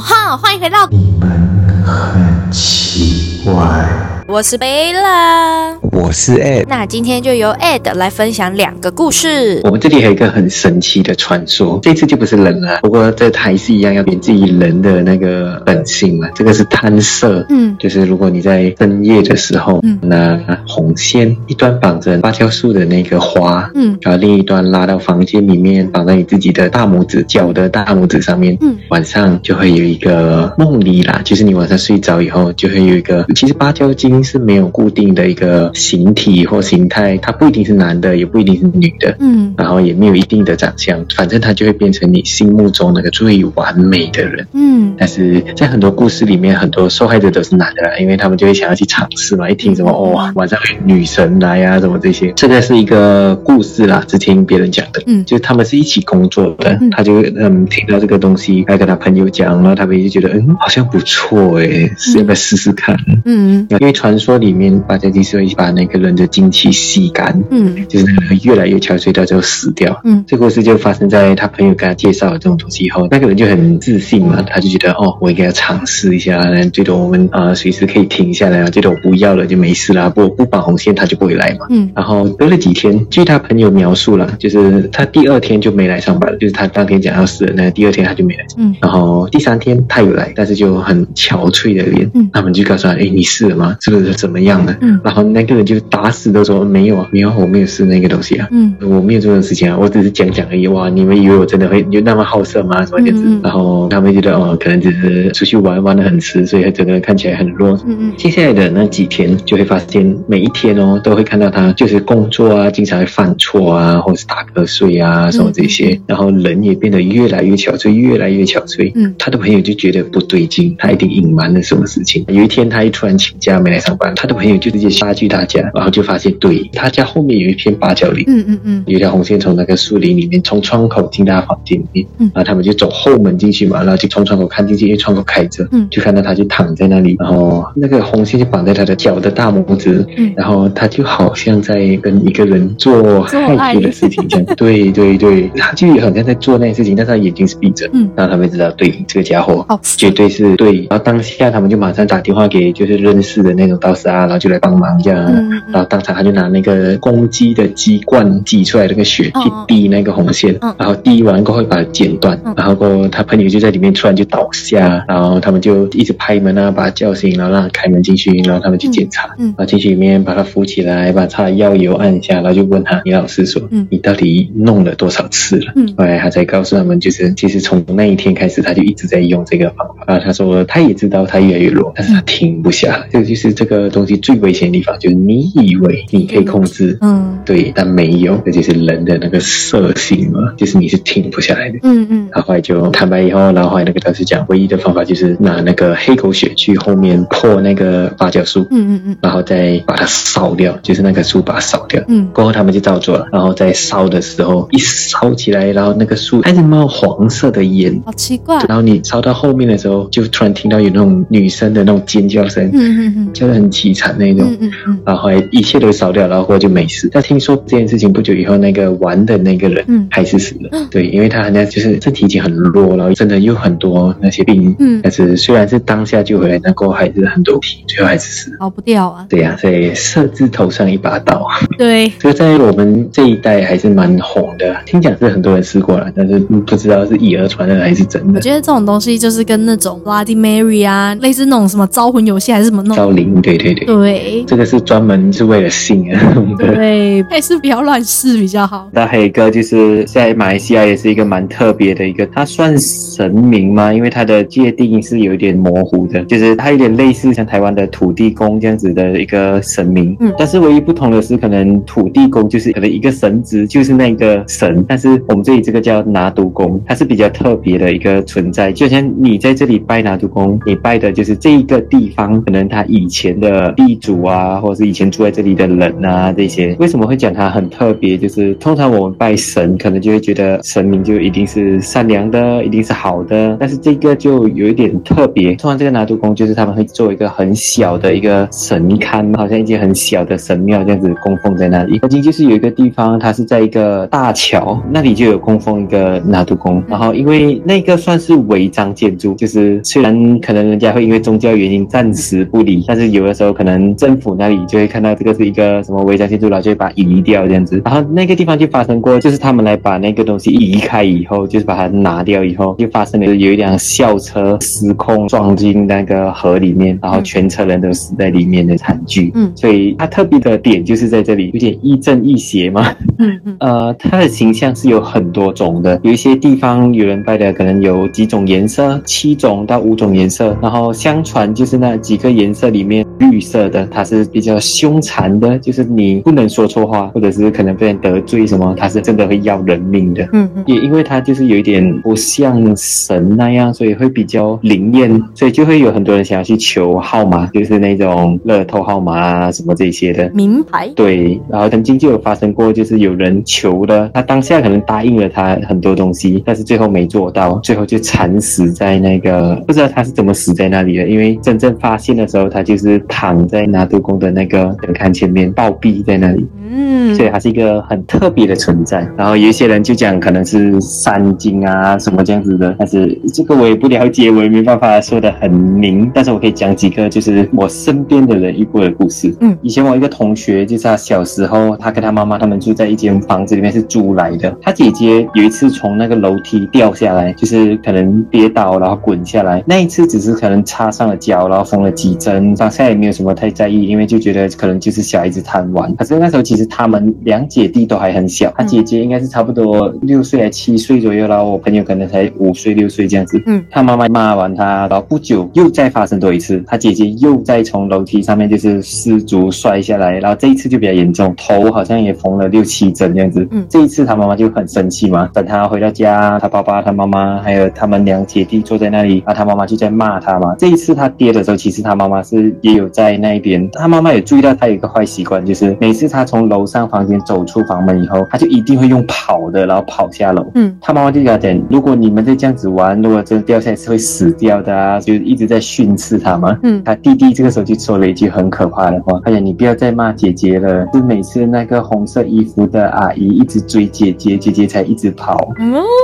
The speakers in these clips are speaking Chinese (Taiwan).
哈、哦，歡迎回到。你們很奇怪。我是貝拉，我是 AD。那今天就由 AD 來分享兩個故事。我們這裡還有一個很神奇的傳說，這次就不是人了，不過這還是一樣要連自己人的那個本性嘛。這個是貪色，嗯，就是如果你在深夜的時候，嗯，拿紅線一端綁着芭蕉樹的那個花，嗯，然後另一端拉到房間裡面，綁在你自己的大拇指腳的大拇指上面，嗯，晚上就會有一個夢裡啦，就是你晚上睡着以後就會有一個，其實芭蕉精是沒有固定的一個形體或形態，他不一定是男的，也不一定是女的，嗯，然後也沒有一定的長相，反正他就會變成你心目中那個最完美的人，嗯，但是在很多故事裡面，很多受害者都是男的啦，因為他們就會想要去嘗試嘛，一聽什麼哦，晚上女神來呀、啊，什麼這些，這個是一個故事啦，是聽別人講的，嗯，就他們是一起工作的，嗯、他就嗯聽到這個東西，他跟他朋友講，然後他們就覺得嗯好像不錯哎、欸，要不要試試看？嗯，因為傳。傳說裡面巴扎吉斯會把那個人的精氣吸乾，嗯，就是那個越來越憔悴，到最後死掉。嗯，這故事就發生在他朋友給他介紹了這種東西以後，那個人就很自信嘛，他就覺得哦，我應該要嘗試一下。最多我們啊隨、呃、時可以停下來啊，最多我不要了就沒事啦，不不綁紅線他就不會來嘛。嗯，然後隔了幾天，據他朋友描述了，就是他第二天就沒來上班了，就是他當天講要死了，那第二天他就沒來上班。嗯，然後第三天他又來，但是就很憔悴的臉。嗯，他們就告訴他，哎、欸，你死了嗎？是不是？是怎麼樣的，嗯？嗯，然後那個人就打死都說沒有啊，沒有，啊，我沒有試那個東西啊，嗯，我沒有這種事情啊，我只是講講而已。哇，你們以為我真的會就那麼好色嗎？什麼樣子？嗯嗯嗯，然後他們覺得哦，可能只是出去玩玩得很遲，所以他整個人看起來很弱，嗯。嗯嗯。接下來的那幾天就會發現，每一天哦都會看到他就是工作啊，經常會犯錯啊，或者是打瞌睡啊，什麼這些。嗯，然後人也變得越來越憔悴，越來越憔悴。嗯。他的朋友就覺得不對勁，他一定隱瞞了什麼事情。有一天他一突然請假沒來。他的朋友就直接殺去他家，然後就發現，對，他家後面有一片芭蕉林，嗯嗯嗯，嗯嗯有一條紅線從那個樹林裡面從窗口進到他房間裡面，嗯，然後他們就走後門進去嘛，然後就從窗口看進去，因為窗口開着，嗯，就看到他就躺在那裡，然後那個紅線就綁在他的腳的大拇指，嗯，然後他就好像在跟一個人做害羞的事情這樣，愛對對對，對，他就好像在做那件事情，但是他眼睛是閉着，嗯，然後他們知道，對，這個家伙絕對是對，好對，然後當下他們就馬上打電話給就是認識的那種。到時啊，然後就來幫忙，這樣，嗯嗯、然後當場他就拿那個公雞的雞冠擠出來那個血，去、哦、滴那個紅線，哦、然後滴完過後會把它剪斷，哦、然後過後他朋友就在裡面突然就倒下，哦、然後他們就一直拍門啊，把他叫醒，然後讓他開門進去，然後他們去檢查，嗯嗯、然後進去裡面把他扶起來，把他的藥油按一下，然後就問他，李老師說，嗯、你到底弄了多少次了？嗯、後來他才告訴他們，就是其實從那一天開始，他就一直在用這個方法。然後他說他也知道他越來越弱，但是他停不下，這個、嗯、就，就是這。這個東西最危險的地方就是你以為你可以控制，嗯，對，但沒有，這就是人的那個色性嘛，就是你是停不下來的，嗯嗯。嗯然後來就坦白以後，然後，後來那個道士講，唯一的方法就是拿那個黑狗血去後面破那個芭蕉樹，嗯嗯嗯，嗯然後再把它燒掉，就是那個樹把它燒掉，嗯。過後他們就照做了，然後在燒的時候一燒起來，然後那個樹還是冒黃色的煙，好奇怪。然後你燒到後面的時候，就突然聽到有那種女生的那種尖叫聲，嗯嗯嗯，嗯嗯就很淒慘那一種，嗯嗯嗯、然後一切都燒掉，然後過後就沒事。但聽說這件事情不久以後，那個玩的那個人還是死了。嗯、對，因為他好像就是身體很弱了，然後真的有很多那些病。嗯，但是雖然是當下就回來，那個還是很多題、嗯、最後還是死。逃不掉啊。對啊，所以色字頭上一把刀。對，就在我們這一代還是蠻紅的。聽講是很多人試過了，但是不知道是以訛傳訛還是真的。我覺得這種東西就是跟那種 Bloody Mary 啊，類似那種什麼招魂遊戲還是什麼那種。對對對，對，這個是專門是為了信啊。對，還 是不要亂試比較好。那還有一個就是，在馬來西亞也是一個蠻特別的一個，它算神明嗎？因為它的界定是有一點模糊的，就是它有點類似像台灣的土地公這樣子的一個神明。嗯，但是唯一不同的是，可能土地公就是可能一個神職，就是那個神，但是我們這裡這個叫拿督公，它是比較特別的一個存在。就像你在這裡拜拿督公，你拜的就是這一個地方，可能他以前。的地主啊，或者是以前住在這裡的人啊，這些，為什麼會講它很特別？就是通常我們拜神，可能就會覺得神明就一定是善良的，一定是好的。但是這個就有一點特別，通常這個拿督公就是他們會做一個很小的一個神龕，好像一間很小的神廟這樣子供奉在那裡。曾經就是有一個地方，它是在一個大橋那裡就有供奉一個拿督公。然後因為那個算是違章建築，就是雖然可能人家會因為宗教原因暫時不理，但是有。有的時候可能政府那裡就會看到這個是一個什麼違章建築，然後就會把它移掉這樣子。然後那個地方就發生過，就是他們來把那個東西移開以後，就是把它拿掉以後，就發生了有一輛校車失控撞進那個河裡面，然後全車人都死在裡面的慘劇。嗯，所以它特別的點就是在這裡有點亦正亦邪嘛。嗯嗯。呃，它的形象是有很多種的，有一些地方有人拜的可能有幾種顏色，七種到五種顏色。然後相傳就是那幾個顏色裡面。綠色的，它是比較兇殘的，就是你不能說錯話，或者是可能被人得罪什麼，它是真的會要人命的。嗯，嗯，也因為它就是有一點不像神那樣，所以會比較靈驗，嗯，所以就會有很多人想要去求號碼，就是那種樂透號碼啊什麼這些的。名牌。對，然後曾經就有發生過，就是有人求的，他當下可能答應了他很多東西，但是最後沒做到，最後就慘死在那個，不知道他是怎麼死在那裡的，因為真正發現的時候，他就是。躺在拿督公的那個門檻前面暴斃在那裡，嗯，所以還是一個很特別的存在。然後有一些人就講，可能是山精啊什麼這樣子的，但是這個我也不了解，我也沒辦法說得很明。但是我可以講幾個，就是我身邊的人遇過的故事。嗯，以前我一個同學，就是他小時候，他跟他媽媽他們住在一間房子裡面是租來的。他姐姐有一次從那個樓梯掉下來，就是可能跌倒然後滾下來。那一次只是可能擦傷了腳，然後縫了幾針。上下。也沒有什麼太在意，因為就覺得可能就是小孩子貪玩。可是那時候其實他們兩姐弟都還很小，他姐姐應該是差不多六歲還七歲左右，然後我朋友可能才五歲六歲這樣子。嗯。他媽媽罵完他，然後不久又再發生多一次，他姐姐又再從樓梯上面就是失足摔下來，然後這一次就比較嚴重，頭好像也縫了六七針這樣子。嗯。這一次他媽媽就很生氣嘛，等他回到家，他爸爸、他媽媽還有他們兩姐弟坐在那裡，然後，啊，他媽媽就在罵他嘛。這一次他跌的時候，其實他媽媽是也。有在那一邊，他媽媽也注意到他有一個壞習慣，就是每次他從樓上房間走出房門以後，他就一定會用跑的，然後跑下樓。嗯，他媽媽就講點，如果你們再這樣子玩，如果真的掉下來是會死掉的啊，就一直在訓斥他嘛。嗯，他弟弟這個時候就說了一句很可怕的話：“哎呀，你不要再罵姐姐了，是每次那個紅色衣服的阿姨一直追姐姐，姐姐才一直跑。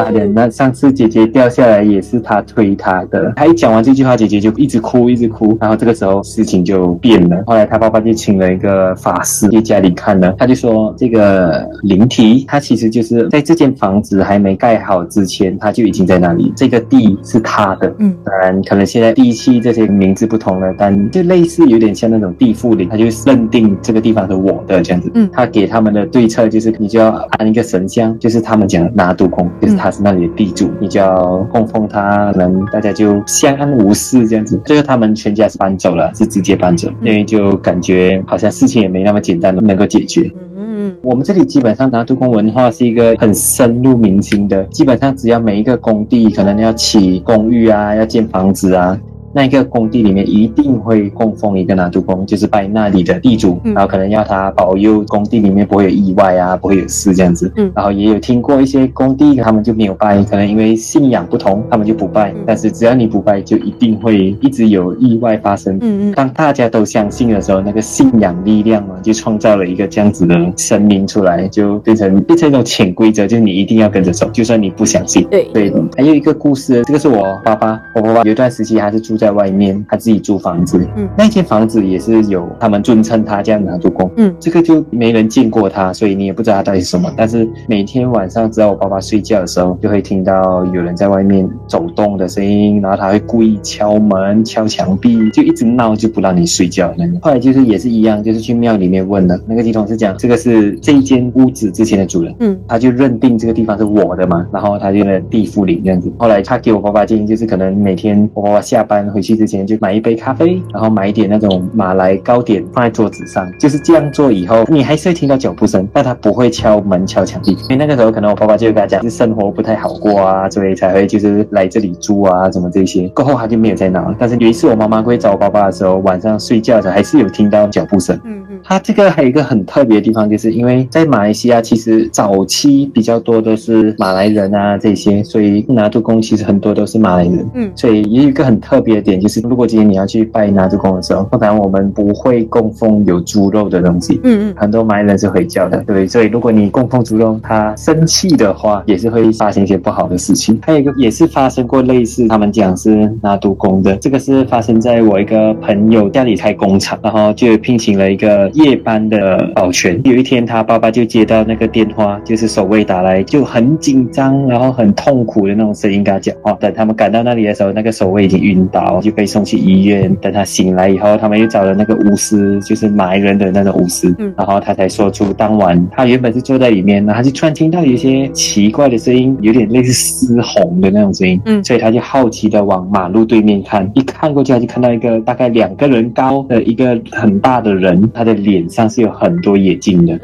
哎點、嗯。那上次姐姐掉下來也是他推他的。他一講完這句話，姐姐就一直哭，一直哭。然後這個時候，事情。就變了。後來他爸爸就請了一個法師去家裡看了，他就說這個靈體，他其實就是在這間房子還沒蓋好之前，他就已經在那裡。這個地是他的，嗯，當然可能現在地契這些名字不同了，但就類似有點像那種地縛靈，他就認定這個地方是我的這樣子。嗯，他給他們的對策就是，你就要安一個神像，就是他們講的拿督公，就是他是那裡的地主，嗯、你就要供奉他，可能大家就相安無事這樣子。最後他們全家是搬走了，是自己。接班者，嗯嗯，因為就感覺好像事情也沒那麼簡單，能夠解決。嗯，嗯，嗯，我們這裡基本上，拿督公文化是一個很深入民心的。基本上，只要每一個工地，可能要起公寓啊，要建房子啊。那一個工地裡面一定會供奉一個拿督公，就是拜那裡的地主，然後可能要他保佑工地裡面不會有意外啊，不會有事這樣子。嗯，然後也有聽過一些工地他們就沒有拜，可能因為信仰不同，他們就不拜。但是只要你不拜，就一定會一直有意外發生。嗯嗯。當大家都相信的時候，那個信仰力量嘛，就創造了一個這樣子的神明出來，就變成變成一種潛規則，就是你一定要跟着走，就算你不相信。對對，嗯。還有一個故事，這個是我爸爸，我爸爸有一段時期還是住在。在外面，他自己租房子，嗯，那間房子也是有他們尊稱他這樣拿督公，嗯，這個就沒人見過他，所以你也不知道他到底是什麼。但是每天晚上，只要我爸爸睡覺的時候，就會聽到有人在外面走動的聲音，然後他會故意敲門、敲牆壁，就一直鬧，就不讓你睡覺，覺。那個後來就是也是一樣，就是去廟裡面問了，那個乩童是講這個是這一間屋子之前的主人，嗯，他就認定這個地方是我的嘛，然後他就在地縛靈這樣子。後來他給我爸爸建議，就是可能每天我爸爸下班。回去之前就買一杯咖啡，然後買一點那種馬來糕點放在桌子上，就是這樣做以後，你還是會聽到腳步聲，但他不會敲門敲牆壁，因為那個時候可能我爸爸就會跟他講，生活不太好過啊，所以才會就是來這裡住啊，什麼這些，過後他就沒有再拿了。但是有一次我媽媽過來找我爸爸的時候，晚上睡覺的時候還是有聽到腳步聲。嗯。它這個還有一個很特別的地方，就是因為在馬來西亞，其實早期比較多都是馬來人啊這些，所以拿督公其實很多都是馬來人。嗯，所以也有一個很特別的點，就是如果今天你要去拜拿督公的時候，通常我們不會供奉有豬肉的東西。嗯嗯，很多馬來人是回教的，對，所以如果你供奉豬肉，他生氣的話，也是會發生一些不好的事情。還有一個也是發生過類似他們講是拿督公的，這個是發生在我一個朋友家裡開工廠，然後就聘請了一個。夜班的保全，有一天他爸爸就接到那個電話，就是守衛打來，就很緊張，然後很痛苦的那種聲音跟他講話。等他們趕到那裡的時候，那個守衛已經暈倒，就被送去醫院。等他醒來以後，他們又找了那個巫師，就是馬來人的那種巫師，嗯、然後他才說出當晚他原本是坐在裡面，然後就突然聽到有些奇怪的聲音，有點類似嘶吼的那種聲音。嗯，所以他就好奇的往馬路對面看，一看過去他就看到一個大概兩個人高的一個很大的人，他的。臉上是有很多眼睛的，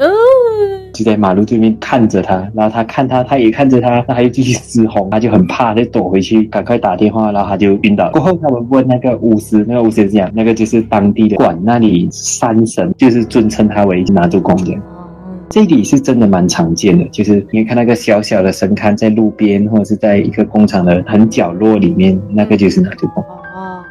就在馬路對面看着他，然後他看他，他也看着他，他還繼續嘶吼，他就很怕，他就躲回去，趕快打電話，然後他就暈倒。過後他們問那個巫師，那個巫師講，那個就是當地的管那裡山神，就是尊稱他為拿督公的。這裡是真的蠻常見的，就是你看那個小小的神龕在路邊或者是在一個工廠的很角落裡面，那個就是拿督公。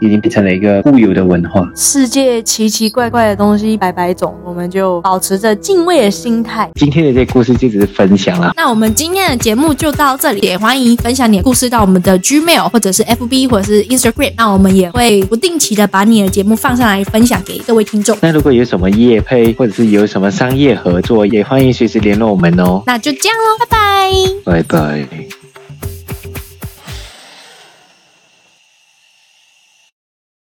已經變成了一個固有的文化。世界奇奇怪怪的東西百百種，我們就保持着敬畏的心態。今天的這個故事就只是分享啦。那我們今天的節目就到這裡，也歡迎分享你的故事到我們的 Gmail 或者是 FB 或者是 Instagram。那我們也會不定期的把你的節目放上來分享給各位聽眾。那如果有什麼業配或者是有什麼商業合作，也歡迎隨時聯絡我們哦。那就這樣嘍，拜拜。拜拜。